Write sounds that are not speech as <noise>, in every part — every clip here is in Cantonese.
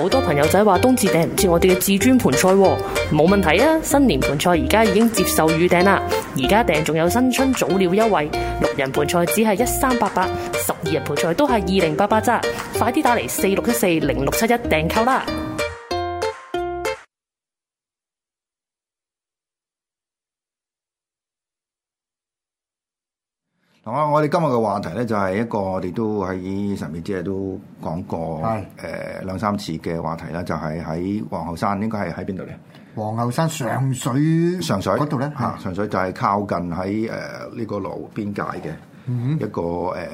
好多朋友仔話冬至訂唔切我哋嘅至尊盤盤菜喎，冇問題啊！新年盤菜而家已經接受預訂啦，而家訂仲有新春早鳥優惠，六人盤菜只係一三八八，十二人盤菜都係二零八八咋，快啲打嚟四六一四零六七一訂購啦！好啊！我哋今日嘅話題咧，就係一個我哋都喺上面即係都講過誒是、呃、兩三次嘅話題啦，就係喺皇后山應該係喺邊度咧？皇后山上水上水度咧嚇，上水就係靠近喺誒呢個羅湖邊界嘅、嗯、哼一個誒、呃，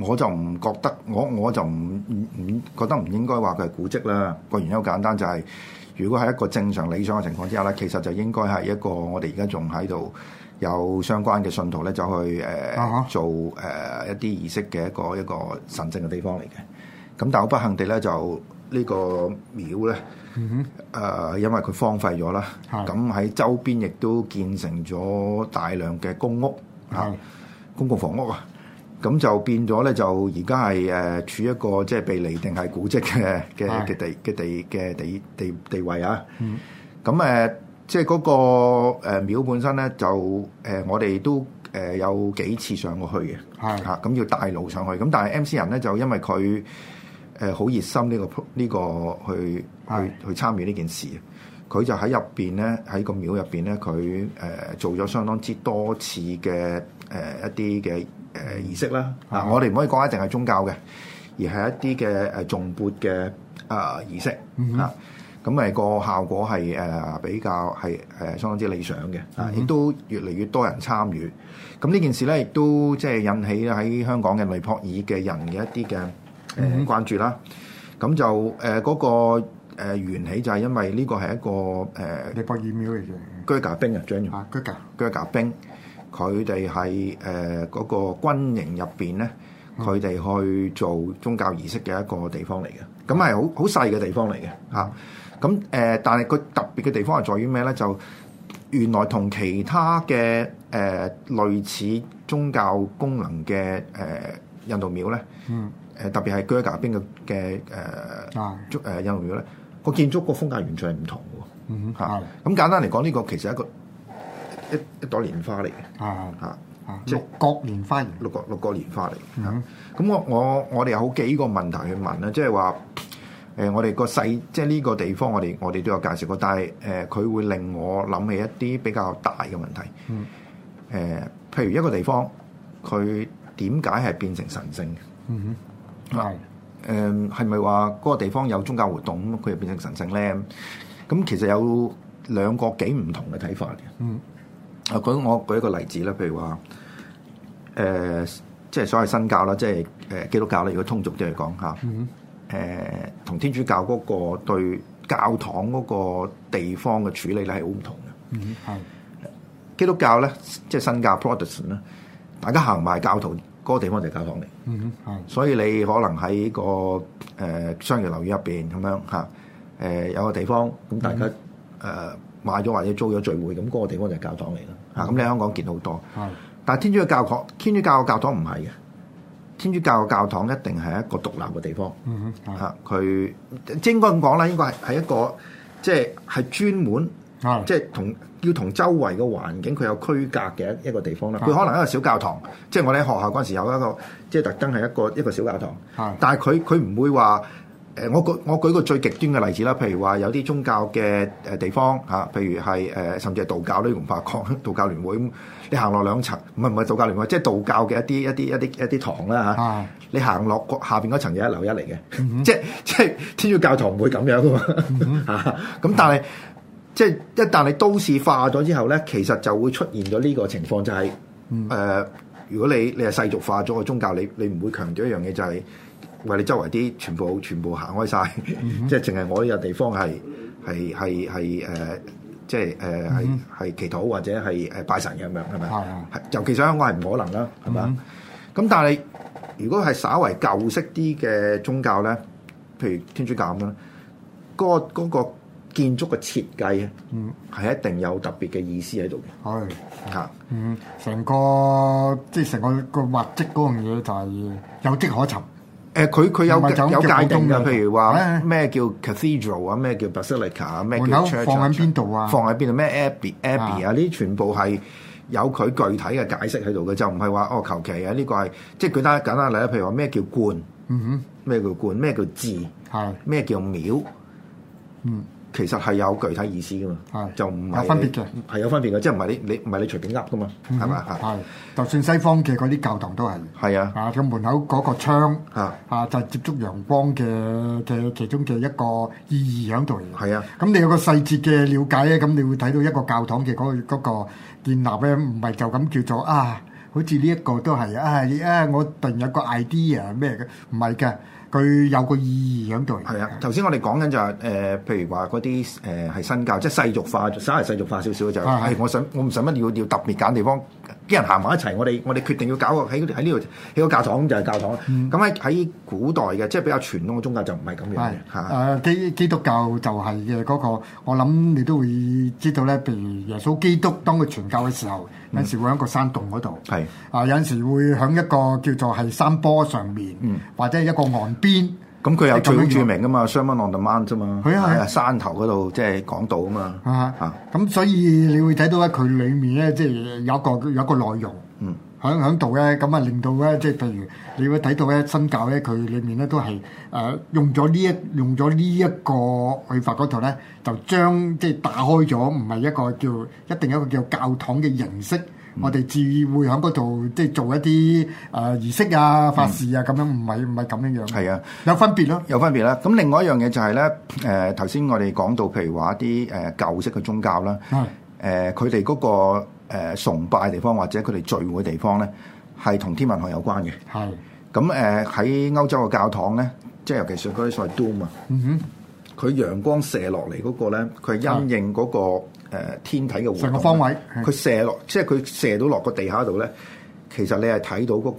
我就唔覺得我我就唔唔覺得唔應該話佢係古蹟啦。個、嗯、哼原因好簡單、就是，就係如果喺一個正常理想嘅情況之下咧，其實就應該係一個我哋而家仲喺度。有相關嘅信徒咧，就去誒做誒一啲儀式嘅一個一個神聖嘅地方嚟嘅。咁但係不幸地咧，就呢個廟咧，誒因為佢荒廢咗啦。咁喺周邊亦都建成咗大量嘅公屋，公共房屋啊。咁就變咗咧，就而家係誒處於一個即係被釐定係古蹟嘅嘅嘅地嘅地嘅地地地位啊。咁誒。即係嗰個誒廟本身咧，就誒、呃、我哋都誒、呃、有幾次上過去嘅，係嚇咁要帶路上去。咁但係 MC 仁咧就因為佢誒好熱心呢、呢個呢、呢個去去是的 去參與呢件事，佢就喺入邊咧喺個廟入邊咧，佢誒、呃、做咗相當之多次嘅誒、呃、一啲嘅誒儀式啦、嗯哼 呃。啊，我哋唔可以講一定係宗教嘅，而係一啲嘅誒重撥嘅誒儀式啊。咁咪個效果係誒比較係誒相當之理想嘅，啊，亦都越嚟越多人參與。咁呢件事咧，亦都即係引起喺香港嘅尼泊爾嘅人嘅一啲嘅誒關注啦。咁、嗯、就誒嗰個誒源起就係因為呢個係一個誒尼泊爾廟嚟嘅，啹喀兵啊，將居啹喀兵，佢哋喺誒嗰個軍營入邊咧，佢哋去做宗教儀式嘅一個地方嚟嘅。咁係好好細嘅地方嚟嘅，嚇、啊。咁誒，但係佢特別嘅地方係在於咩咧？就原來同其他嘅誒類似宗教功能嘅誒印度廟咧，嗯，誒特別係居隔邊嘅嘅誒建築誒印度廟咧，個、啊、建築個風格完全係唔同嘅喎，咁、嗯嗯、是簡單嚟講，呢、這個其實係一個一一朵蓮花嚟嘅，嚇嚇、嗯嗯、即六角蓮花嚟，嗯、六角六角蓮花嚟，嚇、嗯。咁、嗯、我我我哋有幾個問題去問咧，即係話。誒、呃，我哋個細即係呢個地方我，我哋我哋都有介紹過，但係誒，佢、呃、會令我諗起一啲比較大嘅問題。嗯。誒、呃，譬如一個地方，佢點解係變成神聖？嘅、嗯嗯呃？嗯哼。係。誒，係咪話嗰個地方有宗教活動咁，佢又變成神聖咧？咁、嗯嗯、其實有兩個幾唔同嘅睇法嘅。嗯、呃。啊，咁我舉一個例子啦，譬如話，誒、呃，即係所謂新教啦，即係誒基督教啦，如果通俗啲嚟講嚇。誒，同、呃、天主教嗰個對教堂嗰個地方嘅處理咧，係好唔同嘅。係、嗯、基督教咧，即係新教，Protestant 啦，大家行埋教徒嗰、那個地方就教堂嚟。嗯、所以你可能喺個誒、呃、商業樓宇入邊咁樣吓，誒、呃、有個地方咁，大家誒買咗或者租咗聚會，咁、那、嗰個地方就係教堂嚟啦。吓、嗯、咁、啊嗯、你喺香港見好多，的但係天主教教天主教教堂唔係嘅。天主教嘅教堂一定係一個獨立嘅地方，嚇佢、嗯哼啊、應該咁講啦，應該係係一個即係係專門，嗯、即係同要同周圍嘅環境佢有區隔嘅一一個地方啦。佢、嗯、可能係一個小教堂，即係我哋喺學校嗰陣時有一個，即係特登係一個一個小教堂，但係佢佢唔會話。誒，我舉我舉個最極端嘅例子啦，譬如話有啲宗教嘅誒地方嚇，譬如係誒甚至係道教都唔怕抗。道教聯會，你行落兩層，唔係唔係道教聯會，即係道教嘅一啲一啲一啲一啲堂啦嚇，啊、你行落下邊嗰層嘢一樓一嚟嘅、嗯嗯，即即係天主教堂唔會咁樣噶嘛嚇，咁、嗯嗯、 <laughs> 但係即係一旦你都市化咗之後咧，其實就會出現咗呢個情況，就係、是、誒、呃，如果你你係世俗化咗嘅宗教，你你唔會強調一樣嘢就係、是。話你周圍啲全部全部行開晒，嗯、哼即係淨係我呢個地方係係係係誒，即係誒係係祈禱或者係誒拜神咁樣，係咪？係係的。尤其係香港係唔可能啦，係嘛？咁、嗯、但係如果係稍為舊式啲嘅宗教咧，譬如天主教咁啦，嗰、嗰個嗰個建築嘅設計，嗯，係一定有特別嘅意思喺度嘅，係啊，嗯，成的的、嗯、個即係成個個物質嗰樣嘢就係有跡可尋。誒佢佢有有界定㗎，譬如話咩叫 cathedral 啊，咩叫 basilica 啊，咩叫 church 放喺邊度啊？放喺邊度？咩 abbey abbey 啊？呢啲全部係有佢具體嘅解釋喺度嘅，就唔係話哦求其啊！呢個係即係舉緊簡單例啊，譬如話咩叫觀？嗯哼，咩叫觀？咩叫寺？係咩叫廟？嗯。其實係有具體意思噶嘛，是就唔係分別嘅，係有分別嘅，即係唔係你你唔係你隨便噏噶嘛，係嘛、嗯哼吧？就算西方嘅嗰啲教堂都係，係啊，啊個門口嗰個窗啊啊就係、是、接觸陽光嘅嘅其中嘅一個意義喺度嘅。係啊，咁你有個細節嘅了解咧，咁你會睇到一個教堂嘅嗰嗰個建立咧，唔係就咁叫做啊，好似呢一個都係啊啊我突然有個 idea 咩嘅，唔係嘅。佢有個意義喺度。係啊，就是，頭先我哋講緊就係誒，譬如話嗰啲誒係新教，即係世俗化，稍微世俗化少少就係的，我想我唔使乜要要特別揀地方。啲人行埋一齊，我哋我哋決定要搞個喺喺呢度，起個教堂就係教堂。咁喺喺古代嘅，即係比較傳統嘅宗教就唔係咁樣嘅啊、呃，基基督教就係嘅嗰個，我諗你都會知道咧。譬如耶穌基督當佢傳教嘅時候，有時會喺個山洞嗰度，是啊，有時會喺一個叫做係山坡上面，嗯、或者係一個岸邊。咁佢又最著名噶嘛，Shamans on the Mountain 啫嘛，誒山頭嗰度即係港島啊嘛，嚇咁所以你會睇到咧，佢裏面咧即係有一個有一個內容，嗯，響響度咧咁啊，令到咧即係譬如你會睇到咧新教咧，佢裏面咧都係誒用咗呢一用咗呢一個語法嗰度咧，就將即係打開咗，唔係一個叫一定有一個叫教堂嘅形式。 <noise> 我哋會喺嗰度即係做一啲誒、呃、儀式啊、法事啊咁樣，唔係唔係咁樣樣。係啊， <noise> 有，分有分別咯，有分別啦。咁另外一樣嘢就係、是、咧，誒頭先我哋講到譬如話啲誒舊式嘅宗教啦，誒佢哋嗰個、呃、崇拜嘅地方或者佢哋聚會嘅地方咧，係同天文學有關嘅。係咁誒喺歐洲嘅教堂咧，即係尤其是嗰啲塞都啊哼，佢陽光射落嚟嗰個咧，佢係陰影嗰個。誒天體嘅活動，成個方位，佢射落，是即係佢射到落個地下度咧，其實你係睇到嗰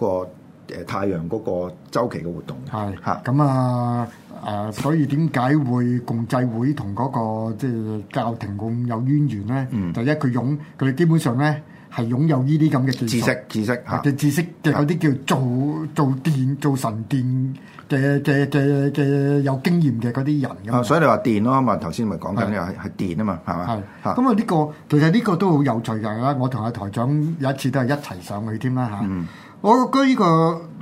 個太陽嗰個週期嘅活動。係是，咁是啊誒，所以點解會共濟會同嗰個即係教廷咁有淵源咧？嗯，第一佢擁佢哋基本上咧。係擁有呢啲咁嘅知識、知識嚇嘅、嗯、知識嘅有啲叫做做電做神電嘅嘅嘅嘅有經驗嘅嗰啲人咁、嗯、所以你話電咯啊嘛，頭先咪講緊嘅係係電啊嘛，係嘛？係咁啊，呢個其實呢個都好有趣㗎。我同阿台長有一次都係一齊上去添啦嚇。嗯、我覺得呢、呢個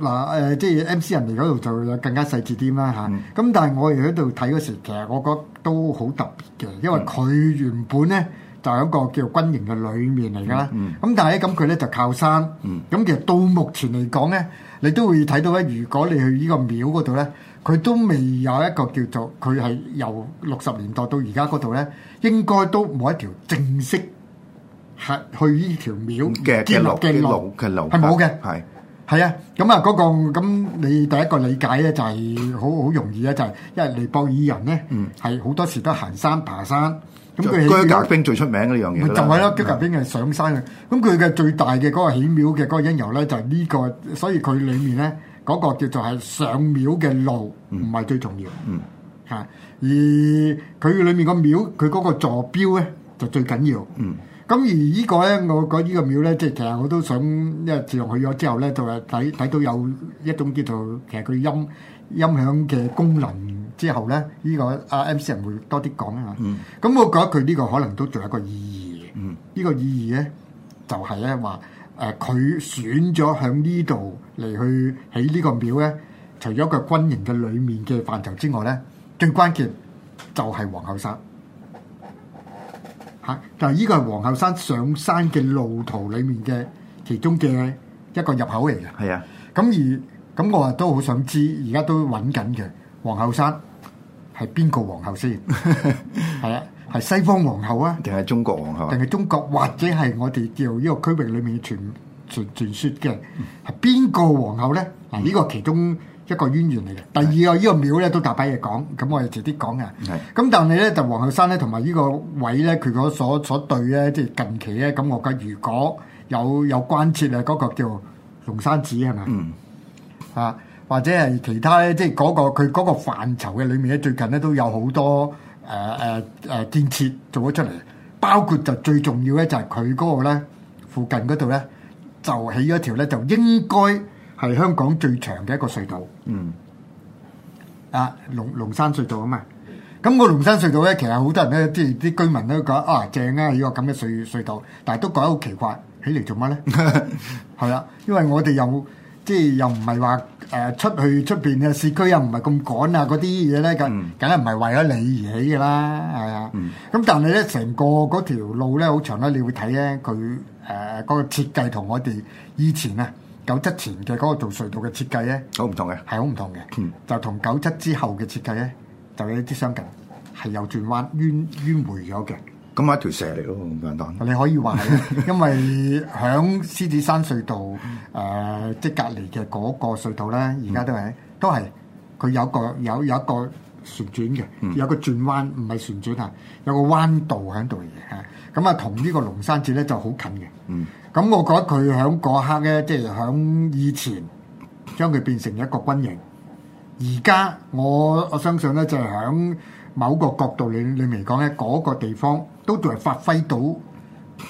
嗱誒、呃，即係 MC 仁嚟嗰度就更加細緻啲啦嚇。咁、嗯嗯、但係我哋喺度睇嗰時，其實我覺得都好特別嘅，因為佢原本咧。就係一個叫做軍營嘅裏面嚟㗎，咁、嗯、但係咁佢咧就靠山，咁、嗯、其實到目前嚟講咧，你都會睇到咧，如果你去呢個廟嗰度咧，佢都未有一個叫做佢係由六十年代到而家嗰度咧，應該都冇一條正式係去呢條廟嘅路嘅路，係冇嘅，係係是啊，咁啊嗰個咁你第一個理解咧就係好好容易啊、就係，就係因為尼泊爾人咧，係好、嗯、多時都行山爬山。咁佢吉格兵最出名嗰樣嘢啦，就係咯吉格兵係上山嘅。咁佢嘅最大嘅嗰個起廟嘅嗰個因由咧，就係呢個。所以佢裏面咧嗰個叫做係上廟嘅路唔係最重要。嗯，嚇而佢裏面個廟佢嗰個座標咧就最緊要。嗯，咁而呢個咧我講呢個廟咧，即係其實我都想因為自從去咗之後咧，就係睇睇到有一種叫做其實佢音音響嘅功能。之後咧，呢、這個阿 M C 仁會多啲講啊。咁、嗯嗯、我覺得佢呢個可能都仲有一個意義嘅。呢、嗯、個意義咧，就係咧話，誒、呃、佢選咗喺呢度嚟去起呢個廟咧，除咗個軍營嘅裏面嘅範疇之外咧，最關鍵就係皇后山嚇。但係依個係皇后山上山嘅路途裡面嘅其中嘅一個入口嚟嘅。係啊。咁、嗯、而咁、嗯、我啊都好想知，而家都揾緊嘅。皇后山係邊個皇后先？係啊，係西方皇后啊？定係中國皇后？定係中國或者係我哋叫呢個區域裏面傳傳傳說嘅，係邊個皇后咧？嗱，呢個其中一個淵源嚟嘅。第二個，是呢個廟咧都大把嘢講，咁我哋遲啲講嘅。咁是但係咧，就皇后山咧同埋呢個位咧，佢嗰所所對咧，即係近期咧，咁我覺得如果有有關切啊，嗰個叫龍山寺係咪？嗯，啊。或者係其他咧，即係嗰個佢嗰個範疇嘅裏面咧，最近咧都有好多誒誒誒建設做咗出嚟，包括就最重要咧就係佢嗰個咧附近嗰度咧就起咗一條咧就應該係香港最長嘅一個隧道。嗯。啊，龍龍山隧道啊嘛，咁個龍山隧道咧，其實好多人咧，即係啲居民都覺得：啊「啊正啊，呢個咁嘅隧隧道，但係都覺得好奇怪，起嚟做乜咧？係 <laughs> 啊，因為我哋有。即係又唔係話誒出去出邊嘅市區，又唔係咁趕啊，嗰啲嘢咧，梗梗係唔係為咗你而起嘅啦？係啊，咁、嗯、但係咧成個嗰條路咧好長啦，你會睇咧佢誒嗰個設計同我哋以前啊九七前嘅嗰個做隧道嘅設計咧好唔同嘅，係好唔同嘅，嗯、就同九七之後嘅設計咧就有一啲相近，係有轉彎迂迂回咗嘅。咁係一條蛇嚟咯，咁簡單。你可以話， <laughs> 因為喺獅子山隧道，誒、 <laughs> 呃，即隔離嘅嗰個隧道咧，而家、嗯、都係都係佢有個有有一個旋轉嘅，嗯、有個轉彎，唔係旋轉啊，有個彎道喺度嚟嘅嘢。咁啊，同、嗯、呢、嗯、個龍山節咧就好近嘅。咁、嗯、我覺得佢喺嗰刻咧，即係喺以前將佢變成一個軍營，而家我我相信咧就係、是、喺某個角度裏裏面講咧，嗰、那個地方。都仲係發揮到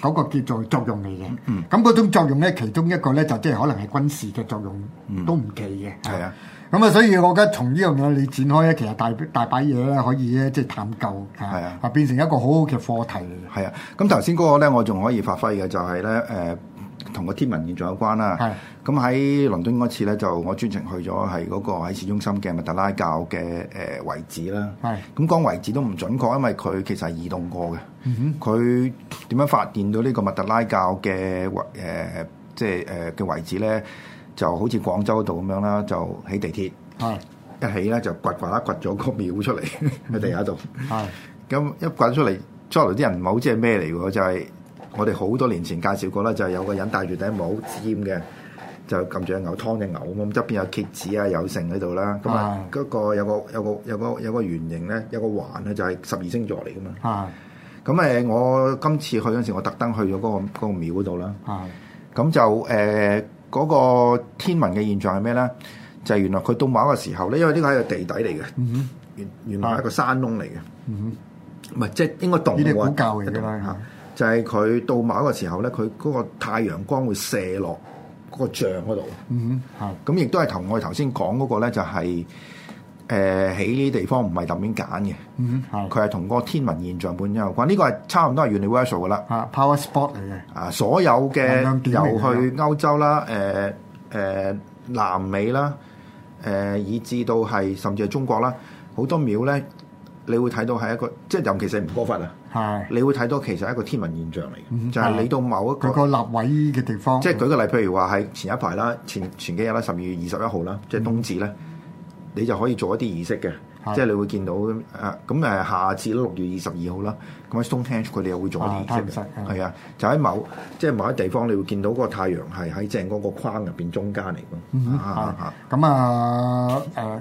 嗰個叫做作用嚟嘅，咁嗰、嗯、種作用咧，其中一個咧就即、是、係可能係軍事嘅作用，嗯、都唔奇嘅。係啊，咁啊，所以我覺得從呢樣嘢你展開咧，其實大大把嘢咧可以咧即係探究，啊、啊變成一個好好嘅課題嚟。係啊，咁頭先嗰個咧，我仲可以發揮嘅就係咧誒。呃同個天文現象有關啦。咁喺的倫敦嗰次咧，就我專程去咗係嗰個喺市中心嘅密特拉教嘅誒位置啦。咁講的位置都唔準確，因為佢其實係移動過嘅。佢點、嗯、哼樣發現到呢個密特拉教嘅位誒，即係誒嘅位置咧，就好似廣州度咁樣啦，就起地鐵。的一起咧就掘掘下掘咗個廟出嚟喺地下度。咁一掘出嚟，捉嚟啲人唔好知係咩嚟喎，就係、是。我哋好多年前介紹過啦，就係、是、有個人戴住頂帽尖嘅，就撳住牛劏嘅牛咁，側邊有蠍子有啊，有剩喺度啦。咁啊，個有個有個有個有個圓形咧，有個環咧，就係、是、十二星座嚟噶嘛。咁誒、啊，我今次去嗰陣時，我特登去咗嗰、那個嗰廟嗰度啦。咁、那個啊、就誒嗰、呃那個天文嘅現象係咩咧？就係、是、原來佢到某一個時候咧，因為呢個係個地底嚟嘅，原原來一個山窿嚟嘅，唔係、啊嗯嗯、即係應該洞嚟嘅。呢嘅啦嚇。嗯嗯就係佢到某一個時候咧，佢嗰個太陽光會射落嗰個像嗰度。嗯哼，咁亦都係同我哋頭先講嗰個咧、就是，就係誒起呢啲地方唔係隨便揀嘅。嗯，佢係同嗰個天文現象本身有關。呢、這個係差唔多係 universal 嘅啦、啊。嚇，power spot 嚟嘅。啊，所有嘅由去歐洲啦，誒、呃、誒、呃、南美啦，誒、呃、以至到係甚至係中國啦，好多廟咧，你會睇到係一個，即係尤其是唔過分啊。嗯係，你會睇到其實係一個天文現象嚟嘅，嗯、哼就係你到某一個,一個立位嘅地方。即係、嗯、舉個例，譬如話喺前一排啦，前前幾日啦，十二月二十一號啦，即、就、係、是、冬至咧，嗯、你就可以做一啲儀式嘅。即係、嗯、你會見到誒，咁誒夏至六月二十二號啦，咁喺 Stonehenge 佢哋又會做一啲儀式。係啊,、嗯、啊，就喺某即係、就是、某啲地方，你會見到嗰個太陽係喺正嗰個框入邊中間嚟咁、嗯、哼啊誒。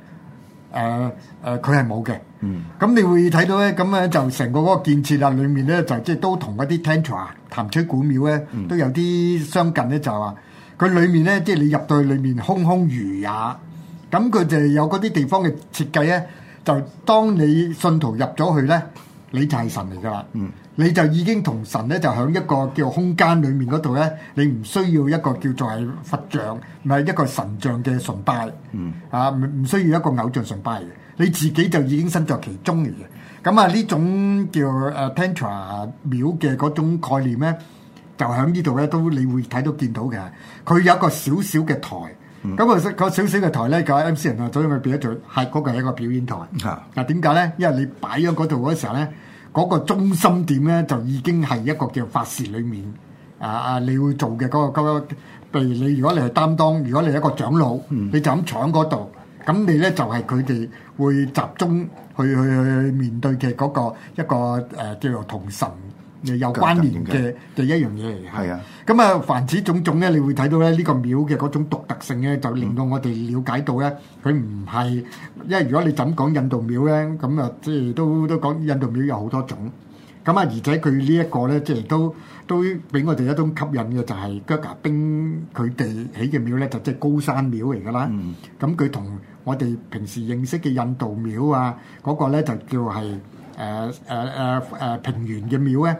誒誒，佢係冇嘅。咁、呃嗯、你會睇到咧，咁咧就成個嗰個建設啊，裡面咧就即係都同嗰啲 tentra 潭清古廟咧都有啲相近咧，嗯、就話佢裡面咧即係你入到去裡面空空如也。咁佢就有嗰啲地方嘅設計咧，就當你信徒入咗去咧，你就係神嚟㗎啦。嗯你就已經同神咧，就喺一個叫空間裏面嗰度咧，你唔需要一個叫做係佛像，唔係一個神像嘅崇拜，嗯、啊，唔唔需要一個偶像崇拜嘅，你自己就已經身在其中嚟嘅。咁啊，呢種叫阿 Tantra 廟嘅嗰種概念咧，就喺呢度咧都，你會睇到見到嘅。佢有一個小小嘅台，咁啊、嗯，個小小嘅台咧，MC 個 MC 仁啊，左用嘅表演台，係嗰個係一個表演台。嗱點解咧？因為你擺咗嗰度嗰時候咧。嗰個中心點咧，就已經係一個叫法事裏面，啊啊，你會做嘅、嗰個，嗰個譬如你如果你係擔當，如果你係一個長老，嗯、你就咁搶度，咁你咧就係佢哋會集中去去去,去面對嘅個一個誒、啊、叫做同神。有關聯嘅第一樣嘢嚟係啊。咁啊的，凡此種種咧，你會睇到咧呢個廟嘅嗰種獨特性咧，就令到我哋了解到咧，佢唔係，因為如果你噉講印度廟咧，咁啊，即係都都講印度廟有好多種，咁啊而且佢呢一個咧，即係都都俾我哋一種吸引嘅就係啹喀兵佢哋起嘅廟咧，就即、係、係高山廟嚟㗎啦。咁佢同我哋平時認識嘅印度廟啊嗰、嗰個咧就叫係。誒誒誒誒平原嘅廟咧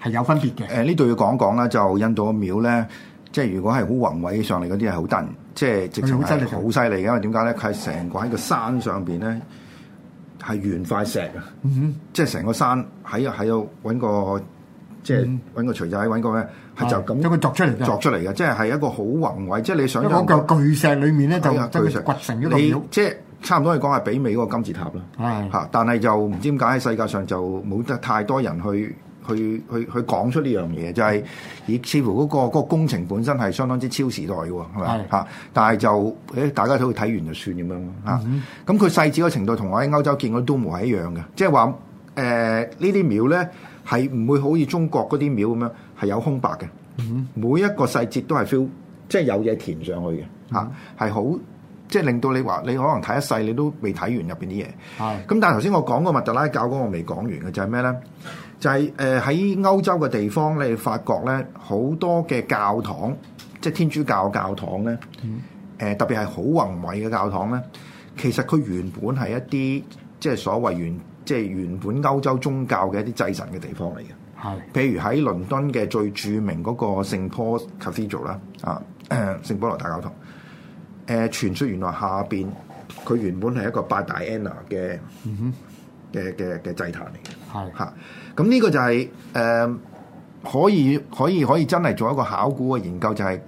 係有分別嘅。誒呢度要講講啦，就印度嘅廟咧，即係如果係好宏偉上嚟嗰啲係好得，即係直情真係好犀利嘅。因為點解咧？佢係成個喺個山上邊咧係圓塊石啊、嗯哼！即係成、嗯、個山喺喺度揾個即係揾個錘仔，揾個咩？係就咁樣佢作出嚟嘅，作出嚟嘅，即係係一個好宏偉，即係你想一個巨石裡面咧，就係掘成一個廟，即係。你差唔多可以講係北美嗰個金字塔啦，嚇的！但係就唔知點解喺世界上就冇得太多人去去去去講出呢樣嘢，就係咦？似乎嗰、嗰個嗰個工程本身係相當之超時代嘅喎，係嘛？嚇的！但係就誒、哎，大家都會睇完就算咁樣啦，咁佢細緻嘅程度同我喺歐洲見嗰啲都冇係一樣嘅，即係話誒呢啲廟咧係唔會好似中國嗰啲廟咁樣係有空白嘅，的嗯、每一個細節都係 feel 即係有嘢填上去嘅嚇，係、啊、好。即係令到你話，你可能睇一世，你都未睇完入邊啲嘢。係。咁但係頭先我講過麥特拉教嗰個未講完嘅就係咩咧？就係誒喺歐洲嘅地方，你哋發覺咧好多嘅教堂，即係天主教教堂咧。嗯、呃。特別係好宏偉嘅教堂咧，其實佢原本係一啲即係所謂原即係原本歐洲宗教嘅一啲祭神嘅地方嚟嘅。係。譬如喺倫敦嘅最著名嗰個聖波羅 Cathedral 啦，啊誒聖波羅大教堂。啊誒、呃、傳說原來下邊佢原本係一個八大安娜嘅嘅嘅嘅祭壇嚟嘅，係嚇、mm,。咁呢的、啊、個就係、是、誒、呃、可以可以可以真係做一個考古嘅研究，就係、是、誒、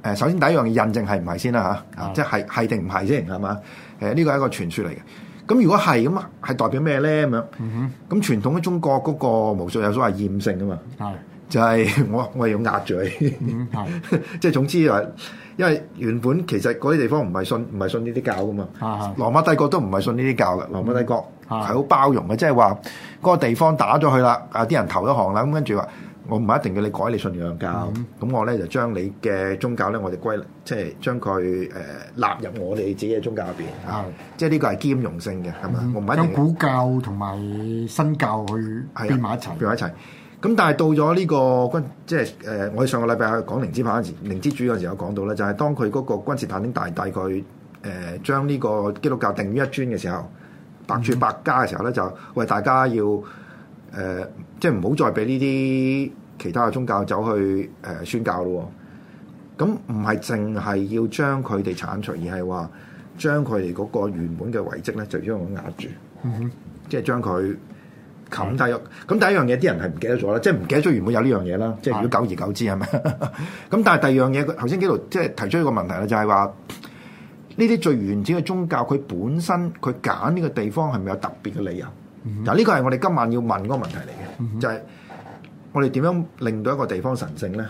呃、首先第一樣嘅印證係唔係先啦嚇，即係係定唔係先係嘛？誒呢、這個係一個傳説嚟嘅。咁如果係咁啊，係代表咩咧咁樣？咁傳統嘅中國嗰個無數有所謂驗證噶嘛，係就係我我係要壓住，嗯即係總之話。因為原本其實嗰啲地方唔係信唔係信呢啲教噶嘛、啊羅教，羅馬帝國都唔係信呢啲教啦。羅馬帝國係好包容嘅，即係話嗰個地方打咗佢啦，啊啲人投咗行啦，咁跟住話我唔係一定要你改你信仰教，咁、嗯、我咧就將你嘅宗教咧，我哋歸即係、就是、將佢誒、呃、納入我哋自己嘅宗教入邊。係、啊，即係呢個係兼容性嘅，係嘛？嗯、我唔係。有古教同埋新教去編埋一齊。咁但係到咗呢、這個軍，即係誒、呃，我哋上個禮拜講靈知派嗰時，靈知主嗰陣時有講到咧，就係、是、當佢嗰個君士坦丁大帝大概誒、呃、將呢個基督教定於一尊嘅時候，百轉百家嘅時候咧，就為大家要誒、呃，即係唔好再俾呢啲其他嘅宗教走去誒、呃、宣教咯。咁唔係淨係要將佢哋剷除，而係話將佢哋嗰個原本嘅遺跡咧，就將佢壓住，嗯、哼即係將佢。咁，第一咁第一樣嘢，啲人係唔記得咗啦，即係唔記得咗原本有呢樣嘢啦。即係如果久而久之係咪？咁但係第二樣嘢，頭先幾度即係提出一個問題啦，就係話呢啲最原始嘅宗教，佢本身佢揀呢個地方係咪有特別嘅理由？嗱，呢個係我哋今晚要問嗰個問題嚟嘅，就係我哋點樣令到一個地方神聖咧？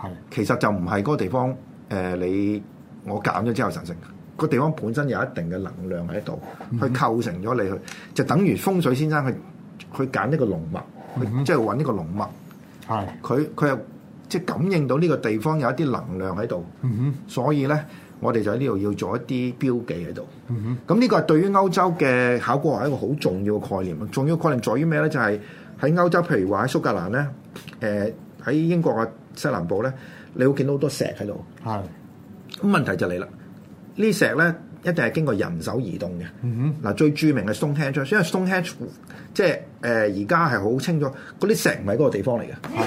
係其實就唔係嗰個地方，誒你我揀咗之後神聖。個地方本身有一定嘅能量喺度，去構成咗你去，就等於風水先生去。去揀呢個龍脈，即係揾呢個龍脈。係佢佢又即係感應到呢個地方有一啲能量喺度，嗯、哼所以咧我哋就喺呢度要做一啲標記喺度。咁呢、嗯、哼個係對於歐洲嘅考古學係一個好重要概念。重要概念在於咩咧？就係、是、喺歐洲，譬如話喺蘇格蘭咧，誒、呃、喺英國嘅西南部咧，你會見到好多石喺度。係咁、嗯、哼問題就嚟啦，石呢石咧。一定係經過人手移動嘅。嗱、嗯哼，最著名嘅 Stonehenge，因為 Stonehenge 即係誒而家係好清楚，嗰啲石唔係嗰個地方嚟嘅，係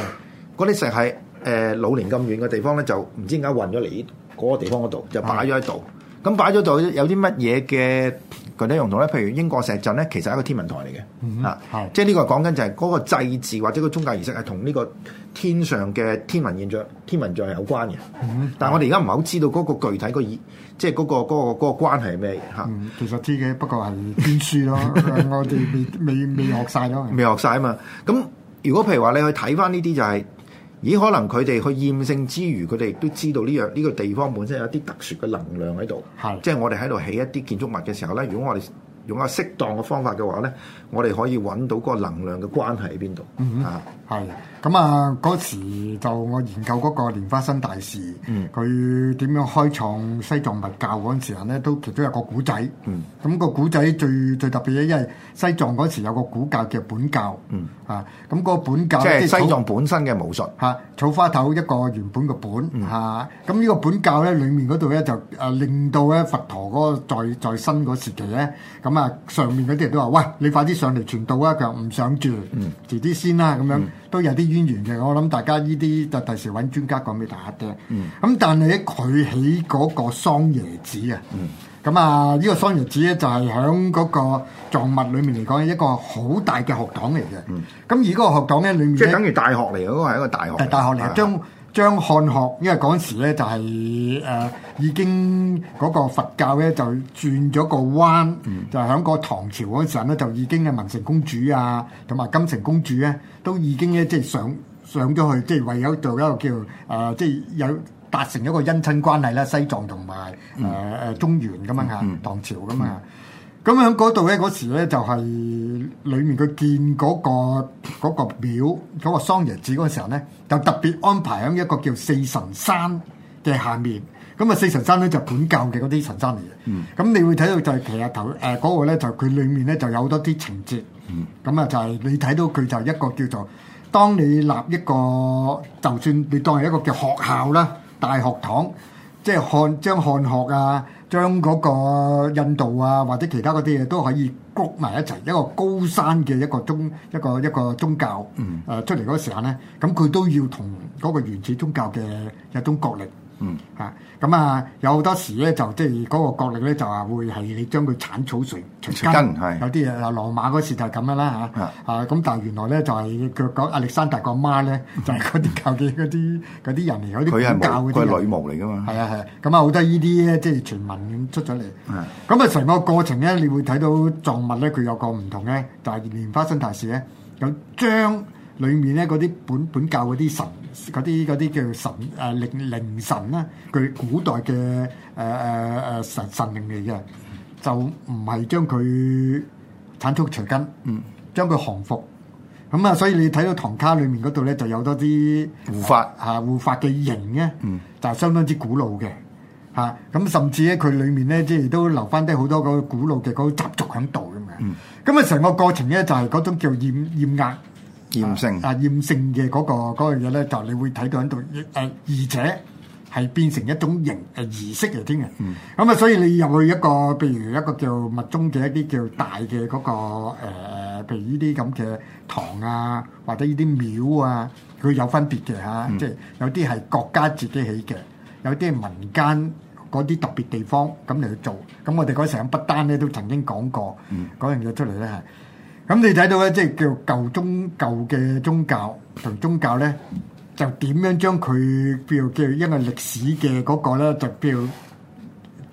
嗰啲石係誒老年咁遠嘅地方咧，就唔知點解運咗嚟嗰個地方嗰度，就擺咗喺度。咁擺咗度，有啲乜嘢嘅？具體用途咧，譬如英國石陣咧，其實係一個天文台嚟嘅，mm hmm. 啊，即係呢個講緊就係、是、嗰個祭祀或者個宗教儀式係同呢個天上嘅天文現象、天文象係有關嘅。Mm hmm. 但係我哋而家唔係好知道嗰個具體、個意，即係嗰個嗰、嗰個嗰、嗰個關係係咩嘢嚇，其實知嘅，不過係邊書咯， <laughs> 我哋未未未學晒咯，未學晒啊嘛。咁如果譬如話你去睇翻呢啲就係、是。咦？可能佢哋去驗證之餘，佢哋亦都知道呢樣呢個地方本身有啲特殊嘅能量喺度。係，即係我哋喺度起一啲建築物嘅時候咧，如果我哋用下適當嘅方法嘅話咧，我哋可以揾到嗰個能量嘅關係喺邊度啊？係。咁啊，嗰時就我研究嗰個蓮花生大士，佢點、嗯、樣開創西藏佛教嗰陣時啊，咧都其中有一個古仔。咁、嗯、個古仔最最特別咧，因為西藏嗰時有個古教叫本教。嗯、啊，咁、那、嗰個本教即係西藏本身嘅巫術嚇、啊，草花頭一個原本嘅本嚇。咁呢、嗯啊、個本教咧，裡面嗰度咧就誒令到咧佛陀嗰個在在生嗰時期咧，咁啊上面嗰啲人都話：喂，你快啲上嚟傳道啊！佢又唔想住，遲啲、嗯、先啦咁樣。都有啲淵源嘅，我諗大家呢啲就第時揾專家講俾大家聽。咁、嗯、但係咧，佢起嗰個桑椰子、嗯、啊，咁啊呢個桑椰子咧就係喺嗰個藏物裏面嚟講，一個好大嘅學堂嚟嘅。咁、嗯、而嗰個學堂咧，裡面即係等於大學嚟，嗰個係一個大學。係大學嚟啊！將張漢學，因為嗰陣時咧就係、是、誒、呃、已經嗰個佛教咧就轉咗個彎，嗯、就喺個唐朝嗰陣咧就已經係文成公主啊，同埋金城公主咧、啊、都已經咧即係上上咗去，即係唯有做一個叫誒即係有達成一個姻親關係啦，西藏同埋誒誒中原咁啊，唐朝咁啊。嗯嗯嗯咁喺嗰度咧，嗰時咧就係裏面佢見嗰、嗰個嗰、嗰個廟嗰、嗰個桑爺子嗰時候咧，就特別安排喺一個叫四神山嘅下面。咁啊，四神山咧就本教嘅嗰啲神山嚟嘅。咁、嗯、你會睇到就係其實頭誒嗰個咧就佢、是、裏面咧就有好多啲情節。咁啊、嗯、就係你睇到佢就一個叫做，當你立一個就算你當係一個叫學校啦，大學堂，即係漢將漢學啊。將嗰個印度啊，或者其他嗰啲嘢都可以谷埋一齊，一個高山嘅一個宗一個一個宗教，誒、嗯呃、出嚟嗰時間咧，咁佢都要同嗰個原始宗教嘅一種角力。嗯嚇、啊，咁啊有好多時咧就即係嗰個國力咧就話會係你將佢斬草除除根，有啲啊羅馬嗰時就咁樣啦吓，啊咁是、啊，但係原來咧就係佢講亞歷山大個媽咧就係嗰啲教嘅嗰啲嗰啲人嚟，有啲教嗰啲，佢係奴，佢係女巫嚟噶嘛，係啊係啊，咁啊好多呢啲咧即係傳聞出咗嚟，咁啊成個過程咧你會睇到藏物咧佢有個唔同咧，就係蓮花生大士咧有將。裡面咧嗰啲本本教嗰啲神嗰啲啲叫神誒靈靈神咧、啊，佢古代嘅誒誒誒神神靈嚟嘅，就唔係將佢斬草除根，嗯、將佢降服。咁、嗯、啊，所以你睇到唐卡裡面嗰度咧，就有多啲護法嚇護、啊、法嘅形嘅、啊，嗯、就相當之古老嘅嚇。咁、啊嗯、甚至咧佢裡面咧，即係都留翻啲好多嗰古老嘅嗰習俗喺度嘅嘛。咁啊、嗯，成、嗯、個過程咧就係、是、嗰種叫壓壓壓。厭厭性啊，厭性嘅嗰、那個樣嘢咧，就你會睇到喺度誒，而且係變成一種儀誒、呃、儀式嚟聽嘅。咁啊，所以你入去一個，譬如一個叫密宗嘅一啲叫大嘅嗰、那個譬、呃、如呢啲咁嘅堂啊，或者呢啲廟啊，佢有分別嘅嚇，啊嗯、即係有啲係國家自己起嘅，有啲係民間嗰啲特別地方咁嚟去做。咁我哋嗰時喺不丹咧都曾經講過，嗰、嗯、樣嘢出嚟咧係。咁你睇到咧，即係叫舊宗舊嘅宗教同宗教咧，就點樣將佢叫叫因為歷史嘅嗰個咧，就叫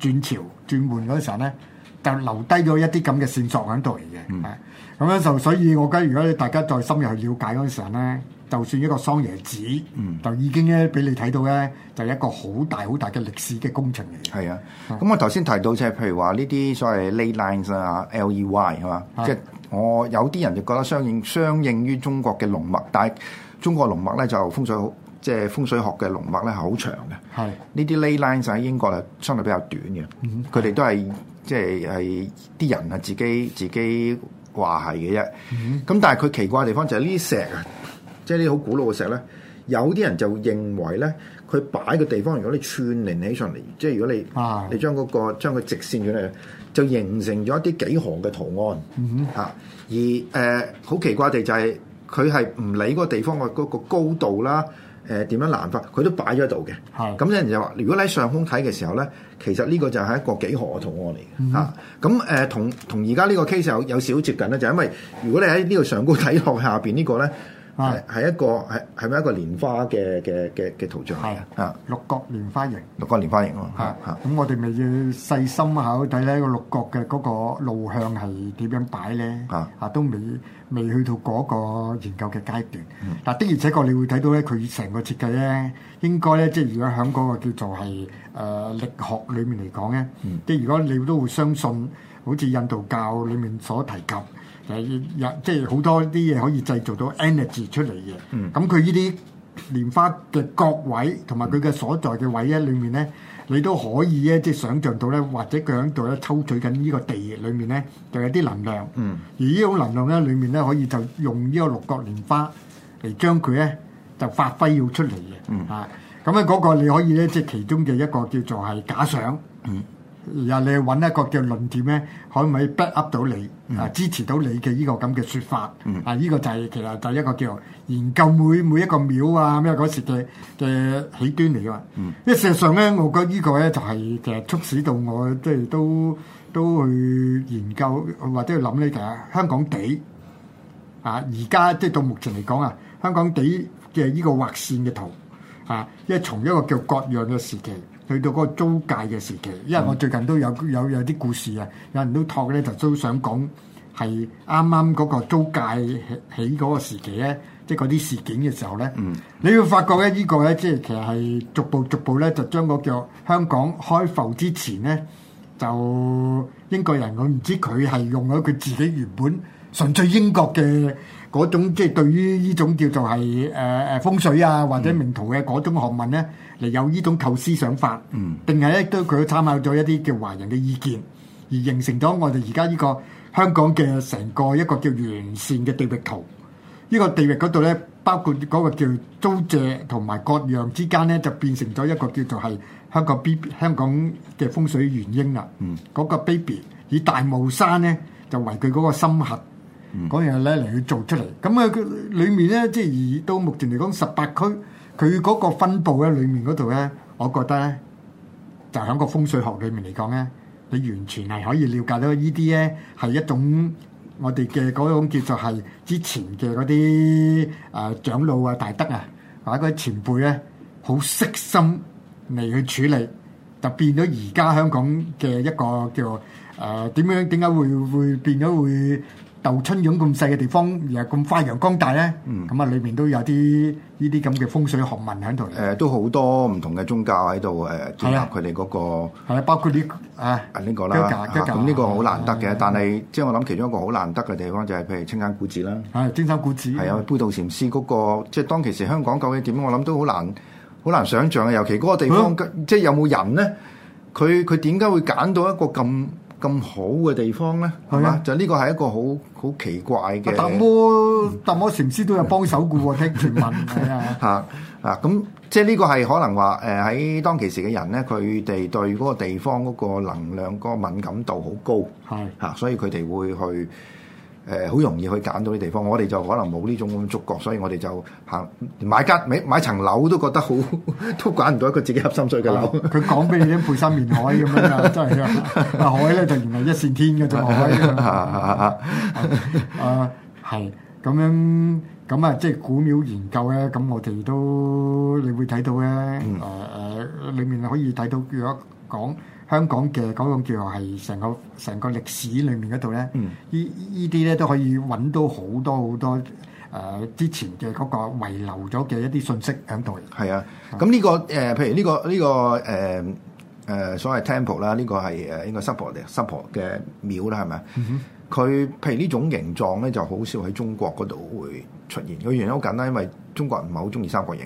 轉朝轉換嗰陣時咧，就留低咗一啲咁嘅線索喺度嚟嘅。咁樣就所以，我覺得如果你大家再深入去了解嗰陣時咧，就算一個桑耶寺，嗯、就已經咧俾你睇到咧，就係一個好大好大嘅歷史嘅工程嚟嘅。係啊，咁我頭先提到就係、是、譬如話呢啲所謂 ley lines 啊，ley 係嘛，即、e、係。Y, 嗎我有啲人就覺得相應相應於中國嘅龍脈，但係中國龍脈咧就風水即係、就是、風水學嘅龍脈咧係好長嘅。係呢啲 lay lines 喺英國係相對比較短嘅。佢哋、嗯、哼都係即係係啲人係自己自己話係嘅啫。咁、嗯、哼但係佢奇怪嘅地方就係呢啲石啊，即係啲好古老嘅石咧，有啲人就認為咧，佢擺嘅地方如果你串連起上嚟，即、就、係、是、如果你、啊、你將嗰、那個將佢直線咗咁樣。就形成咗一啲幾何嘅圖案，嚇、嗯哼啊！而誒好、呃、奇怪地就係佢係唔理嗰個地方嘅嗰個高度啦，誒、呃、點樣難法，佢都擺咗喺度嘅。係咁有人就話，如果你喺上空睇嘅時候咧，其實呢個就係一個幾何嘅圖案嚟嘅，嚇、嗯哼！咁誒、啊嗯呃、同同而家呢個 case 有有少接近咧，就係、因為如果你喺呢個上高睇落下邊呢個咧。係係、啊、一個係係咪一個蓮花嘅嘅嘅嘅圖像？係啊，六角蓮花形。六角蓮花形啊！嚇嚇，咁我哋咪要細心啊睇咧個六角嘅嗰個路向係點樣擺咧？嚇嚇的、啊、都未未去到嗰個研究嘅階段。嗱、嗯、的而且確你會睇到咧，佢成個設計咧，應該咧即係如果喺嗰個叫做係誒力學裡面嚟講咧，即係、嗯嗯、如果你都會相信，好似印度教裡面所提及。就有即係好多啲嘢可以製造到 energy 出嚟嘅，咁佢呢啲蓮花嘅角位同埋佢嘅所在嘅位咧，裏面咧你都可以咧即係想像到咧，或者佢喺度咧抽取緊呢個地裏面咧就有啲能量，嗯、而呢種能量咧裏面咧可以就用呢個六角蓮花嚟將佢咧就發揮要出嚟嘅，嗯、啊，咁咧嗰個你可以咧即係其中嘅一個叫做係假想。嗯然後你揾一個叫論點咧，可唔可以 back up 到你啊，mm hmm. 支持到你嘅呢個咁嘅説法？Mm hmm. 啊，呢、這個就係其實就係一個叫研究每每一個廟啊咩嗰時嘅嘅起端嚟嘅。因為、mm hmm. 事實上咧，我覺得呢個咧就係其實促使到我即係都都去研究或者去諗呢。其實香港地啊，而家即係到目前嚟講啊，香港地嘅呢個畫線嘅圖啊，因為從一個叫割讓嘅時期。去到嗰個租界嘅時期，因為我最近都有有有啲故事啊，有人都託咧，就都想講係啱啱嗰個租界起起嗰個時期咧，即係嗰啲事件嘅時候咧。嗯，你要發覺咧、這個，呢個咧，即係其實係逐步逐步咧，就將嗰個叫香港開埠之前咧，就英國人，我唔知佢係用咗佢自己原本純粹英國嘅嗰種即係、就是、對於呢種叫做係誒誒風水啊或者命途嘅嗰種學問咧。嗯嚟有呢種構思想法，定係咧都佢參考咗一啲叫華人嘅意見，而形成咗我哋而家呢個香港嘅成個一個叫完善嘅地域圖。呢、這個地域嗰度咧，包括嗰個叫租借同埋割讓之間咧，就變成咗一個叫做係香港 b 香港嘅風水原因啦。嗰、嗯、個 Baby 以大帽山咧就為佢嗰個心核嗰樣咧嚟去做出嚟。咁啊，佢裡面咧即係而到目前嚟講，十八區。佢嗰個分布喺裡面嗰度咧，我覺得咧，就喺個風水學裡面嚟講咧，你完全係可以了解到呢啲咧係一種我哋嘅嗰種叫做係之前嘅嗰啲誒長老啊、大德啊，或者嗰啲前輩咧，好悉心嚟去處理，就變咗而家香港嘅一個叫做誒點樣點解會會變咗會。豆春咁咁細嘅地方，而係咁輝揚光大咧，咁啊，裏面都有啲呢啲咁嘅風水學問喺度。誒，都好多唔同嘅宗教喺度誒，結合佢哋嗰個。係啊，包括呢啊，呢個啦，咁呢個好難得嘅。但係即係我諗，其中一個好難得嘅地方就係譬如青山古寺啦，係青山古寺，係啊，杯渡禪師嗰個，即係當其時香港究竟點？我諗都好難，好難想像啊！尤其嗰個地方，即係有冇人咧？佢佢點解會揀到一個咁咁好嘅地方咧，係嘛嗎？就呢個係一個好好奇怪嘅。達摩達摩禪師都有幫手股㗎，聽傳聞係啊。嚇 <laughs> 啊！咁、 <laughs> 啊、即係呢個係可能話誒喺當其時嘅人咧，佢哋對嗰個地方嗰個能量嗰、那個敏感度好高，係嚇的、啊，所以佢哋會去。誒好、呃、容易去揀到啲地方，我哋就可能冇呢種觸覺，所以我哋就行買間買買層樓都覺得好，都揀唔到一個自己合心水嘅樓。佢 <laughs> <laughs> 講俾你聽，背山面海咁樣啊， <laughs> 真係啊！海咧就原來一線天嘅啫，海 <laughs> <laughs> 啊。啊，係咁樣咁啊，即係古廟研究咧，咁我哋都你會睇到咧，誒、啊、誒，裡面可以睇到如果講。香港嘅嗰種叫做係成個成個歷史裏面嗰度咧，依依啲咧都可以揾到好多好多誒、呃、之前嘅嗰個遺留咗嘅一啲信息喺度。係啊，咁呢、呢個誒、呃，譬如呢、呢個呢、呢個誒誒、呃呃、所謂 temple 啦，呢個係誒應該 Shiva 嘅 Shiva 嘅廟啦，係咪啊？佢譬如呢種形狀咧，就好少喺中國嗰度會出現。個原因好簡單，因為中國人唔係好中意三角形。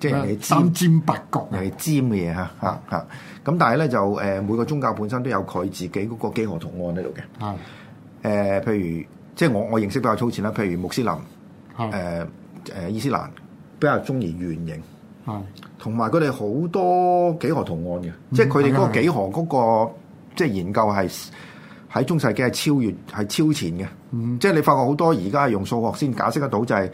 即係尖三尖八角，又係尖嘅嘢吓吓吓。咁的、啊、但係咧就誒、呃，每個宗教本身都有佢自己嗰個幾何圖案喺度嘅。係誒的、呃，譬如即係我我認識比較粗淺啦。譬如穆斯林，誒誒的，伊、呃、斯蘭比較中意圓形。係同埋佢哋好多幾何圖案嘅，的即係佢哋嗰個幾何嗰、嗰個，即係研究係喺中世紀係超越係超前嘅。即係你發覺好多而家用數學先解釋得到就係、是、誒。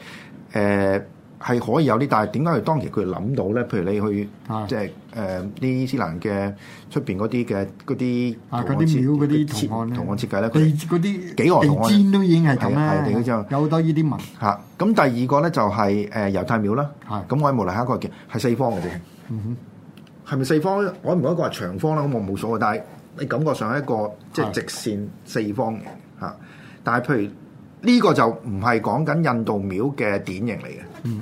呃呃係可以有啲，但係點解佢當時佢諗到咧？譬如你去、啊、即係誒啲伊斯蘭嘅出邊嗰啲嘅嗰啲啲廟啲圖案咧，圖案設計咧，佢嗰啲幾何圖案都已經係咁，啦、啊，啊、有得呢啲紋嚇。咁、啊、第二個咧就係、是、誒、呃、猶太廟啦，咁、啊嗯、哼我無啦，下一個嘅，係四方嘅啫，係咪四方咧？我唔覺得係長方啦，咁我冇所謂。但係你感覺上係一個即係、就是、直線四方嘅嚇。但係譬如。呢個就唔係講緊印度廟嘅典型嚟嘅，啊、嗯，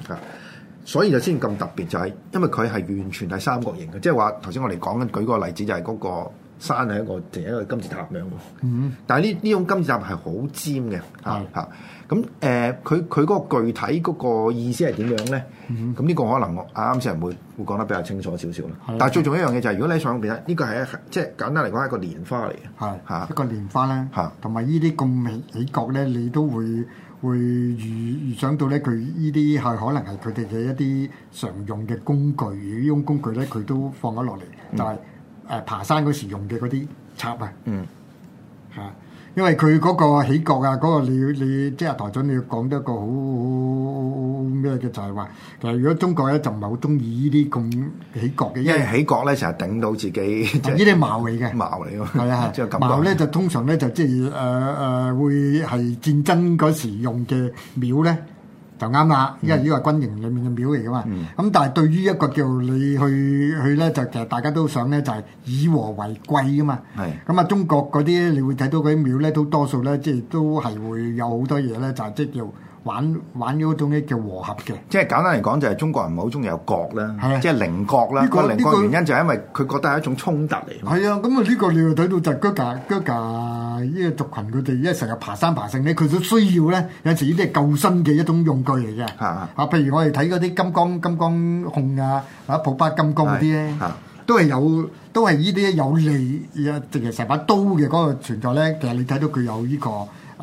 所以就先咁特別就係，因為佢係完全係三角形嘅，即係話頭先我哋講緊，舉個例子就係嗰、那個。山係一個淨係一個金字塔樣喎，但係呢呢種金字塔係好尖嘅，嚇嚇。咁誒的，佢佢嗰個具體嗰個意思係點樣咧？咁呢、嗯、個可能我啱先、啊、會會講得比較清楚少少啦。的但係最重要一樣嘢就係，如果你喺上邊咧，呢、呢個係即係簡單嚟講係一個蓮花嚟嘅，係一個蓮花啦，同埋呢啲咁美美角咧，你都會會預預想到咧，佢呢啲係可能係佢哋嘅一啲常用嘅工具，呢種工具咧佢都放咗落嚟，就係。誒爬山嗰時用嘅嗰啲插啊，嗯，嚇，因為佢嗰個起角啊，嗰、嗰個你你即係台長你要講得一個好咩嘅，就係話其實如果中國咧就唔係好中意呢啲咁起角嘅，因為，因為起角咧成日頂到自己，即係啲茅嚟嘅，茅嚟咯，係啊係，即係茅咧就通常咧就即係誒誒會係戰爭嗰時用嘅廟咧。就啱啦，因為呢個係軍營裡面嘅廟嚟噶嘛，咁、嗯、但係對於一個叫你去去咧，就其實大家都想咧，就係、是、以和為貴噶嘛。咁啊是、嗯，中國嗰啲你會睇到嗰啲廟咧，都多數咧，即係都係會有好多嘢咧，就即、是、叫。玩玩嗰種嘢叫和合嘅，即係簡單嚟講就係中國人唔係好中意有角啦，啊、即係棱角啦。呢、這個鄰國原因就係因為佢覺得係一種衝突嚟。係啊，咁啊呢個你要睇到就啹喀啹喀呢個族群佢哋因為成日爬山爬剩咧，佢都需要咧有時呢啲係救生嘅一種用具嚟嘅。啊、啊，譬如我哋睇嗰啲金剛金剛控啊，啊普巴金剛啲咧，都係有都係呢啲有利啊，直情成把刀嘅嗰個存在咧。其實你睇到佢有呢、這個。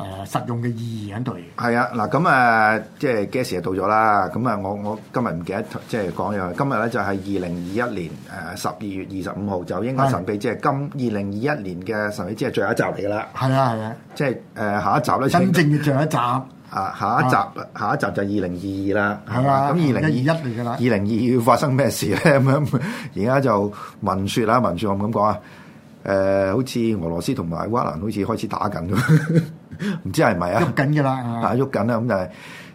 誒、呃、實用嘅意義喺度。係啊，嗱咁啊，即係幾時就到咗啦？咁啊，我我今日唔記得即係講嘢。今呢、就是呃、日咧就係二零二一年誒十二月二十五號，就應該神秘即係的今二零二一年嘅神秘即係、就是、最後一集嚟㗎啦。係、就是呃、啊，係啊，即係誒下一集咧，真正嘅最後一集啊，下一集下一集就二零二二啦。係啊的，咁二零二一嚟㗎啦。二零二二發生咩事咧？咁樣而家就聞説啦，聞説我唔咁講啊，誒、呃、好似俄羅斯同埋烏克蘭好似開始打緊咁。 <laughs> 唔知係咪啊？喐緊噶啦，啊喐緊啦，咁就係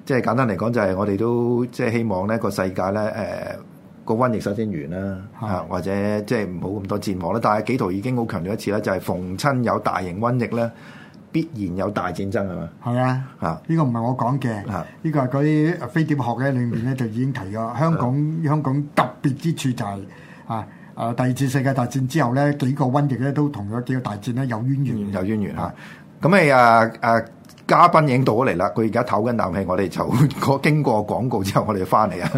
即係簡單嚟講，就係我哋都即係希望咧個世界咧誒個瘟疫首先完啦，啊或者即係唔好咁多戰禍啦，啊。但係紀陶已經好強調一次啦，就係逢親有大型瘟疫咧，必然有大戰爭係嘛？係啊，呢個唔係我講嘅，呢個係嗰啲飛碟學咧裏面咧就已經提咗。香港香港特別之處就係、是、啊啊第二次世界大戰之後咧幾個瘟疫咧都同咗幾個大戰咧有淵源，有淵源啊。咁咪啊啊！嘉賓已經到咗嚟啦，佢而家唞緊啖氣，我哋就經過廣告之後，我哋就翻嚟啊。